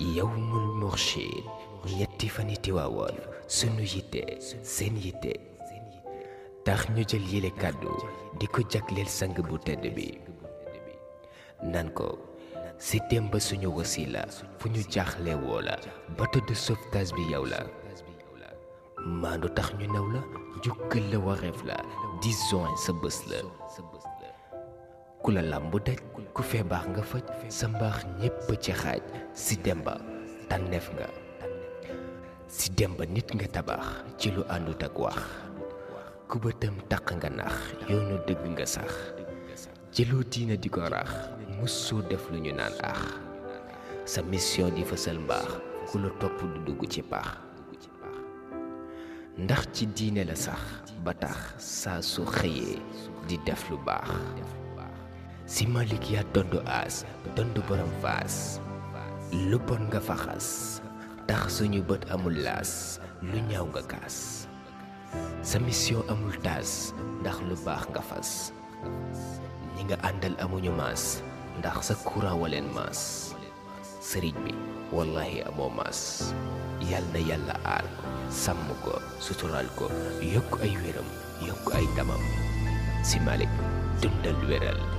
yawmul murshid qui fani fait sunu yitte seen yitte tax ñu jël yile kàddu di ko sang bu tedd bi nan ko si démb suñu wasila la de sauvetage bi yow la maandu tax ñu la kula la lamb daj ku feebar nga fajj sa mbax ñepp ci xaj si demba tànneef nga si demba nit nga tabax ci lu anu àndut ak wax ku bëtam tak nga nax yoonu deug nga sax lu diina di ko rax mussoo def lu ñu naan ax sa mission di fësal mbax ku lu top du dugg ci bax ndax ci diine la sax ba tax sa su xeyé di def lu si malikia tondo as tondo borom fas lu pon nga faxas tax suñu bot amul las lu ñaw nga kas sa mission amul tas ndax lu bax nga fas ñi nga andal amuñu mas ndax sa courant walen mas serigne bi wallahi amo mas yalla na ar aar ko sutural ko yok ay wéram yok ay tamam si malik dundal wéral